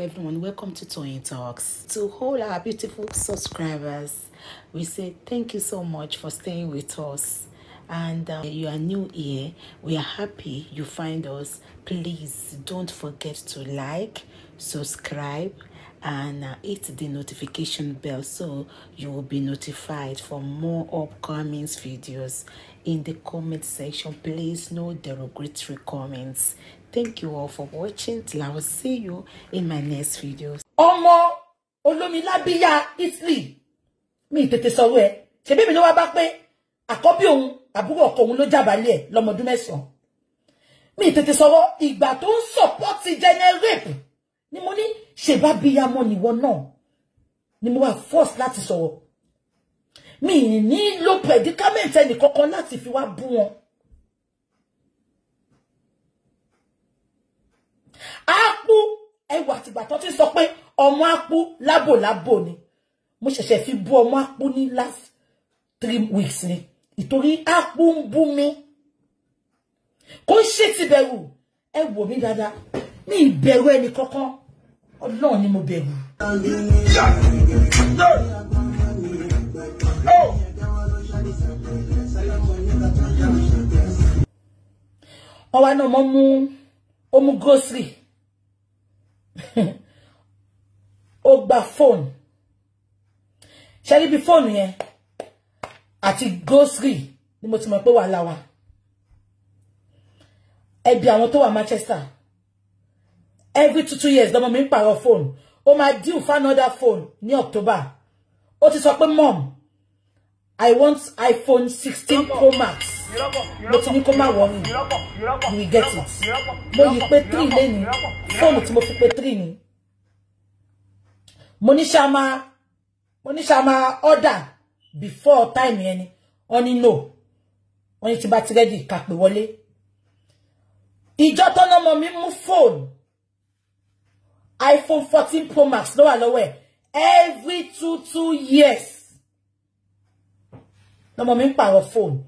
everyone. Welcome to toy Talks. To all our beautiful subscribers, we say thank you so much for staying with us. And uh, you are new here. We are happy you find us. Please don't forget to like, subscribe, and uh, hit the notification bell so you will be notified for more upcoming videos in the comment section please no derogatory comments thank you all for watching till i will see you in my next videos ọmọ olómilábíyá italy mi tètè sọ̀rọ̀ ẹ ṣebí mi no wa wá bá pé àkọ́bí òun àbúrò ọkọ òun ló jábàálẹ̀ lọ́mọdún mi tètè sọ̀rọ̀ ìgbà tó ń sọpọ́tì ni mo ní ṣèbá bíyamọ nìwọ náà ni mo wà force láti sọ̀rọ̀ mi ni lo predicament ẹnì kankan láti fi wá bú wọn. Akpu ẹwà àtìgbà tó ti sọ pé ọmọ akpu lábòlábò ni mo ṣẹ̀ṣẹ̀ fi bú ọmọ akpu ní last three weeks ni ìtorí akpu ń bú mi kò ń ṣe ti bẹ̀rù ẹ wò mí dáadáa mi ìbẹ̀rù ẹnì kankan. Ọlọ́run ni mo bẹ̀rù. ọwa náà mọ́ mú ó mú grocery ó gba fóònù ṣe rí bí fóònù yẹn àti grocery ni mo ti mọ̀ pé wàhálà wa ẹbí àwọn tó wà Manchester every two two years lọ́mọ mi ń pààrọ̀ phone Oh my dear, for another phone ní October what is ti mom I want iPhone sixteen Pro Max But you come out one, wọrí you will get it mo yí pé three lẹ́ni phone tí mo pay three ni mo ní ṣá order before time any. Only no wọ́n ní tí bá ti rẹ́dì the pé pe just ìjọ tọ́nà ọmọ mi mú fóònù iPhone 14 Pro Max, no allow it. Every two, two years. No more power phone.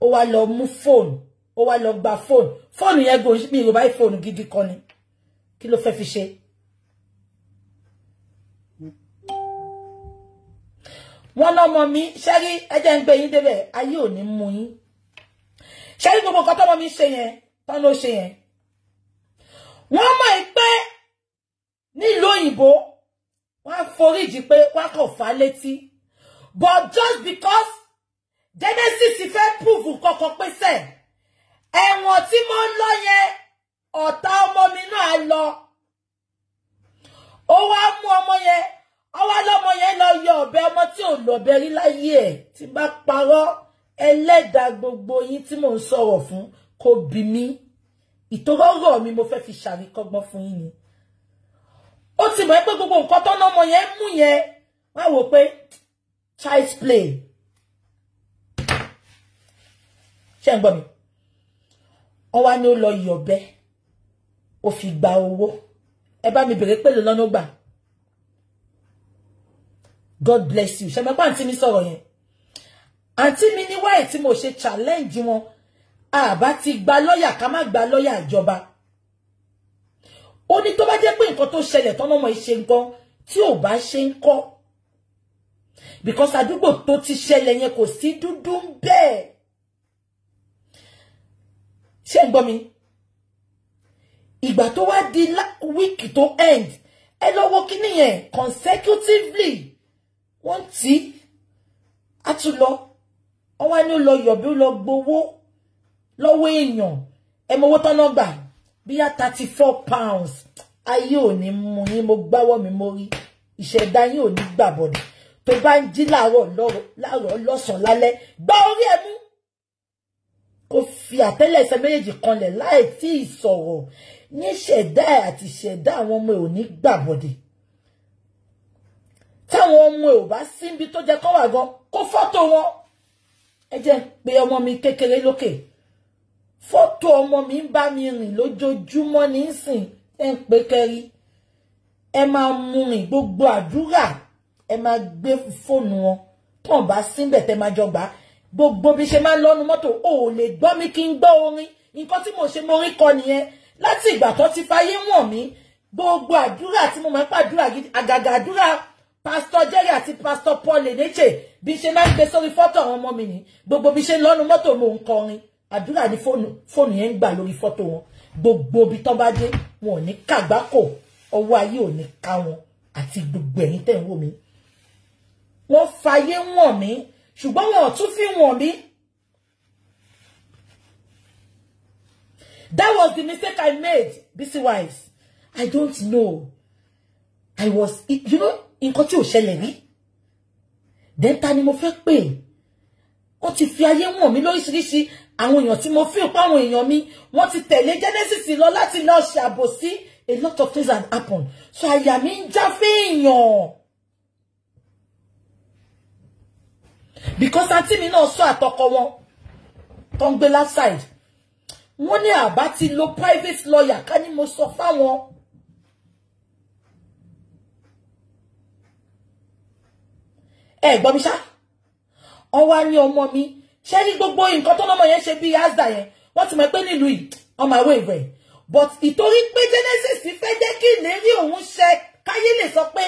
Oh, I love phone. Oh, I love phone. Phone, yeah, go, me go buy phone, give you money. Kilo fe fiche. One no mommy, Sherry, I didn't pay you you on the moon? Sherry, no more, cut off mommy, say, eh? do know, say, wọ́n mọ̀ ẹ́ pé nílùú òyìnbó wọ́n á foríjì pé wọ́n kàn fà létí but just because genesis ti fẹ́ prove kọ́kọ́ pé sẹ́ ẹ̀wọ̀n tí mo ń lọ yẹn ọ̀tá ọmọ mi náà lọ ó wá mú ọmọ yẹn ọwọ́ lọ́mọ yẹn lọ yọ ọ̀bẹ ọmọ tí ò lọ́bẹ rí láyé ẹ̀ tí bá parọ́ ẹlẹ́dàá gbogbo yín tí mò ń sọ̀rọ̀ fún kò bí mi. ìtorọ́rọ̀ mi mo fẹ́ fi ṣàríkọ́gbọ́n fún yín ni ó ti mọ̀ ẹ́ pé gbogbo nǹkan tọ́nà ọmọ yẹn mú yẹn wá wò pé child play ṣé ń gbọ́ mi wọ́n wá ní ó lọ yọ̀bẹ ó fi gba owó ẹ bá mi bèrè pèlè lọ́nà gbà God bless you ṣe mẹ́pà àǹtí mi sọ̀rọ̀ yẹn àǹtí mi ní e tí mo ṣe challenge wọn. àbá ti gba lọ́yà ká má gba lọ́yà ìjọba ó ní tó bá jẹ́ pé nǹkan tó ṣẹlẹ̀ tọ́nà ọmọ ìṣe nǹkan tí ò bá ṣe ń kọ́ because àdúgbò tó ti ṣẹlẹ̀ yẹn kò sí dúdú bẹ́ẹ̀ ṣé ń gbọ́ mi ìgbà tó wá di wíìkì tó end ẹ lọ́wọ́ kíní yẹn consecutively wọ́n ti á tún lọ wọ́n wá ní ó lọ yọ̀bí ó lọ gbowó lọ́wọ́ èèyàn ẹ mọ owó tán náà gbà bíyà thirty four pounds ayé ò ní mú yín mo gbáwọ́ mi mo rí ìṣẹ̀dá yín ò ní gbà bọ̀dọ̀ tó bá ń jí láàárọ̀ láàárọ̀ lọ́sàn-án lálẹ́ gbá orí ẹ mú kò fi àtẹ́lẹ̀ ẹsẹ̀ méjèèjì kanlẹ̀ láì tí ì sọ̀rọ̀ ní ṣẹ̀dá ẹ̀ àti ṣẹ̀dá àwọn ọmọ ẹ̀ ò ní gbà bọ̀dẹ̀ táwọn ọmọ ẹ̀ ò bá síbi tó jẹ́ kọ́wà gan kó fọ́tò wọn ẹ jẹ́ pé ọmọ mi kékeré lókè Photo ọmọ mi ń bá mi rìn lójoojúmọ́ nísìn ẹ̀ ń pé kẹ́rí ẹ máa mú rìn gbogbo àdúrà ẹ máa gbé fóònù wọn tán bá síbẹ̀ tẹ́ máa jọ gbà á gbogbo bí ṣe máa ń lọ́nu mọ́tò ò lè gbọ́ mi kí gbọ́ orin nǹkan tí mo ṣe mo rí kọ nìyẹn láti ìgbà tó ti fayé wọ̀n mí gbogbo àdúrà se lonu moto o le gbo mi ki gbo orin ti mo se mo ri ko lati igba ń adura ti mo maa padura àgàgà àdúrà pastor Jerry àti pastor Paul Eneche bí na máa ń gbé sórí fọ́tò àwọn ọmọ ní mọ́tò mò ń àdúrà ni yẹn gbà lórí wọn gbogbo bá dé wọn ọwọ́ ayé ká wọn àti gbogbo ẹ̀yin tẹ̀ wò mí wọ́n fayé wọ̀n mí ṣùgbọ́n wọn tún fi wọ̀n That was the mistake I made, BC Wise. I don't know. I was, you know, nǹkan tí ò ṣẹlẹ̀ rí. Then I'm mo fẹ́ pè. Ó ti fi ayé wọ̀n mí àwọn èèyàn tí mo fi ń pa àwọn èèyàn mi wọ́n ti tẹ̀lé genesis lọ láti lọ ṣàbòsí a lot of things had happened so I am in já fẹ́ẹ̀yàn because àǹtí mi náà sọ àtọkọ wọn tó ń gbé side. wọ́n ní àbá ti lo private lawyer can ní mo sọ fáwọn. eh gbọ́ mi ṣá ọ wá ní ọmọ mi ṣé ní boy, nǹkan tó lọ́mọ yẹn ṣe bí azda yẹn wọ́n ti mọ̀ pé nílùú yìí ọmọ àwọ̀ ìwẹ̀ but ìtorí pé genesis fẹ́ jẹ́ kí ìlérí òun ṣe káyé lè sọ pé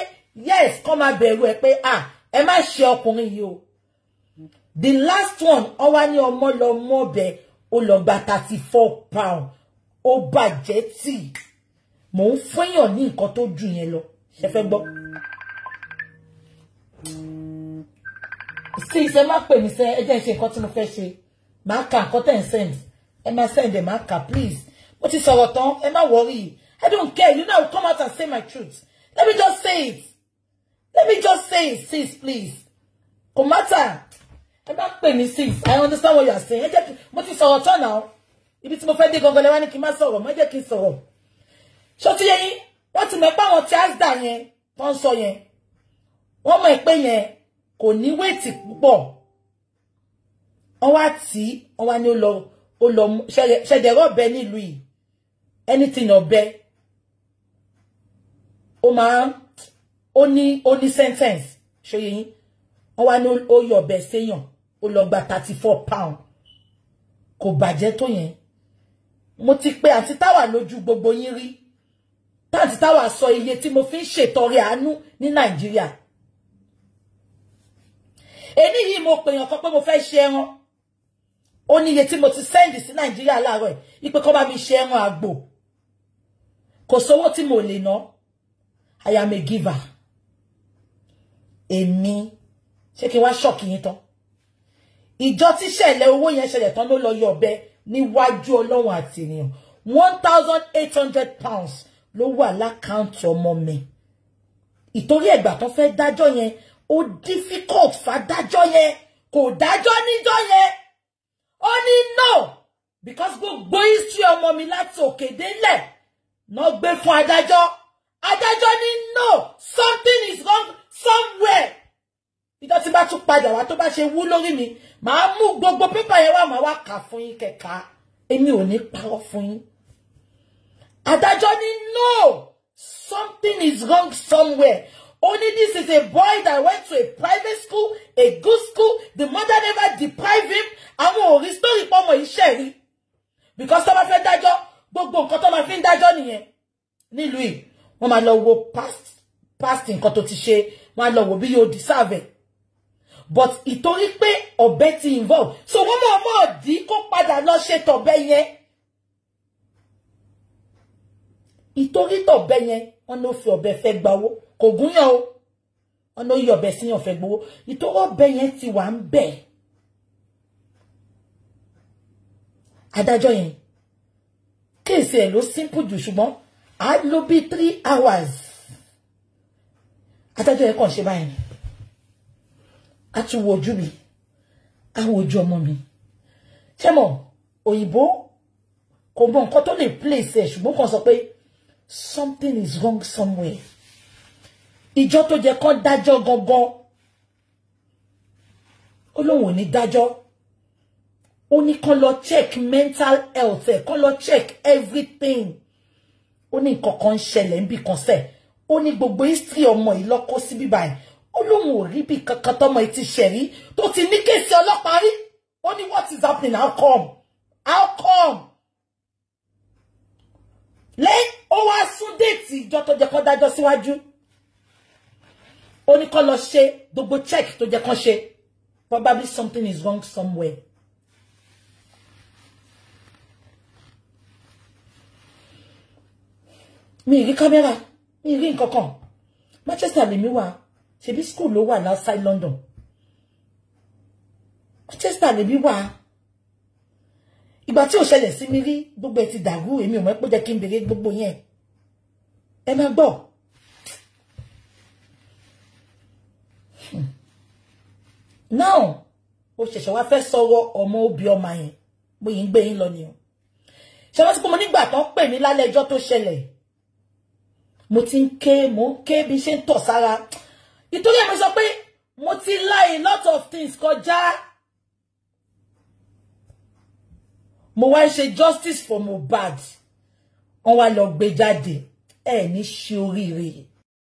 yes kọ́ máa bẹ̀rù ẹ̀ ah ẹ má ṣe ọkùnrin yìí the last one ọwá ní ọmọ lọ mọ be ó lọ gba thirty four pound ó bàjẹ́ tì mò ń fẹ́yàn ní nǹkan jù yẹn lọ ṣe fẹ́ gbọ́. sí ṣe má pè mí sẹ ẹ jẹ́ ṣe nǹkan tí mo fẹ́ ṣe máa ka nǹkan tẹ̀ ń send ẹ máa send ẹ máa ka please mo ti sọ̀rọ̀ tán ẹ má worry I don't care you know come out and say my truth let me just say it let me just say it sis please kò matter ẹ má pè sis I understand what you are saying ẹ jẹ́ kí mo ti sọ̀rọ̀ tán náà ibi tí mo fẹ́ dé gangan lẹ́wọ́n ni kí n má sọ̀rọ̀ mọ́ ẹ jẹ́ kí n sọ̀rọ̀ ṣó ti go fe de gangan lewon ni yín wọ́n ti mọ̀ pé àwọn tí asda yẹn tó ń sọ yẹn kò ní wéètì púpọ̀ wọ́n wá tí wọ́n wá ní ó lọ ó lọ ṣẹ̀dẹ̀rọ̀ ọ̀bẹ nílùú yìí anything ọ̀bẹ ó máa ó ní sentence ṣe yín Onwa wá ní ó yọ ọ̀bẹ séèyàn ó lọ gba thirty four pound kò bàjẹ́ tó yẹn mo ti pe àti wa lójú gbogbo yín rí táǹtí táwa sọ iye tí mo fi ń ní Nigeria. èmi yìí mo pèèyàn kan pé mo fẹ́ ṣe ẹran ó ní iye tí mo ti sẹ́ndì sí nàìjíríà láàárọ̀ yìí pé kó bá mi ṣe ẹran àgbò kò sówó tí mo lè ná I am a giver emi ṣé kí n wá ṣọ́ọ̀kì yín tán ìjọ tí ṣẹlẹ̀ owó yẹn ṣẹlẹ̀ tán ló lọ yọ ọbẹ̀ níwájú ọlọ́run àti ènìyàn one thousand eight hundred pounds ló wà lákàǹtì ọmọ mi ìtorí ẹ̀gbà tó fẹ́ dájọ́ yẹn ó difficult fàdájọ́ yẹn kò dájọ́ níjọ́ yẹn ó ní no because go gbogbo history ọmọ mi láti òkè délẹ̀ náà gbé fún adájọ́ adájọ́ ní no something is wrong somewhere ìjọ tí bá tún padà wá tó bá ṣe wú lórí mi màá mú gbogbo pépà yẹn wá màá wá kà fún yín kẹka èmi oni ní parọ́ fún yín adájọ́ ní no something is wrong somewhere only this is a boy that went to a private school, a good school. The mother never deprived him. Àwọn ò rí story pọ́mọ iṣẹ́ rí. Because tó bá fẹ́ dájọ́, gbogbo go tó máa fi ń dájọ́ nìyẹn. Nílùú yìí, wọ́n My lọ will past past nǹkan tó ti ṣe, wọ́n á lọ wo bí yóò deserve ẹ̀. But ìtorí pé ọ̀bẹ ti involve. So wọ́n mọ̀ ọmọ ọ̀dí kó padà lọ ṣe tọ̀bẹ yẹn. Ìtorí tọ̀bẹ yẹn, wọ́n ló fi ọ̀bẹ fẹ́ gbawó kò o ọ̀nà oyè ọ̀bẹ sí yàn fẹ́ gbowó ìtọ́wọ́ ọ̀bẹ yẹn ti wà bẹ̀ adájọ́ ló simple jù ṣùgbọ́n a ló bí three hours adájọ́ yẹn kàn ṣe báyìí a tún wo ojú mi a wo ojú ọmọ mi ṣé mo òyìnbó kò mọ lè place ẹ̀ ṣùgbọ́n something is wrong somewhere ìjọ tó jẹ́ kán dájọ́ gangan ó lóun ò ní dájọ́ ó ní lọ check mental health ẹ̀ kán lọ check everything ó ní nǹkan kan ń ṣẹlẹ̀ níbi kan sẹ̀ ó ní gbogbo history ọmọ yìí lọ́kọ́ sí bíbá ẹ̀ ó lóun ò rí bí kankan tọmọ yìí ti ṣẹ̀ tó ti ní kéèsì ọlọ́pàá rí ó ní what is happening how come how come lẹ́yìn ó wá sún déètì ìjọ tó jẹ́ kán dájọ́ síwájú. Si only call us. lọ ṣe gbogbo check tó jẹ́ kán probably something is wrong somewhere. mi rí kámẹ́rà mi rí nǹkan kan Manchester lèmi wà be school ló wà outside London Manchester lèmi wà ìgbà tí ò ṣẹlẹ̀ sí Iba ti dàrú èmi ò mọ̀ pé jẹ́ kí n béèrè gbogbo ti daru emi ẹ máa yen e now ó ṣẹ̀ṣẹ̀ wá fẹ́ sọ̀rọ̀ ọmọ òbí ọmọ yẹn bóyá ń gbé yín lọ ni o ṣe wọ́n ti pọ́n mo nígbà tó ń pè mí lálẹ́ tó ṣẹlẹ̀ mo ti ké mo ké bí ṣe tọ̀ sára ìtorí ẹ̀ mo sọ pé mo ti lá a lot of things kọjá mo wá ń ṣe justice for Mohbad wọ́n wá lọ gbé jáde ẹ̀ ní ṣe oríire.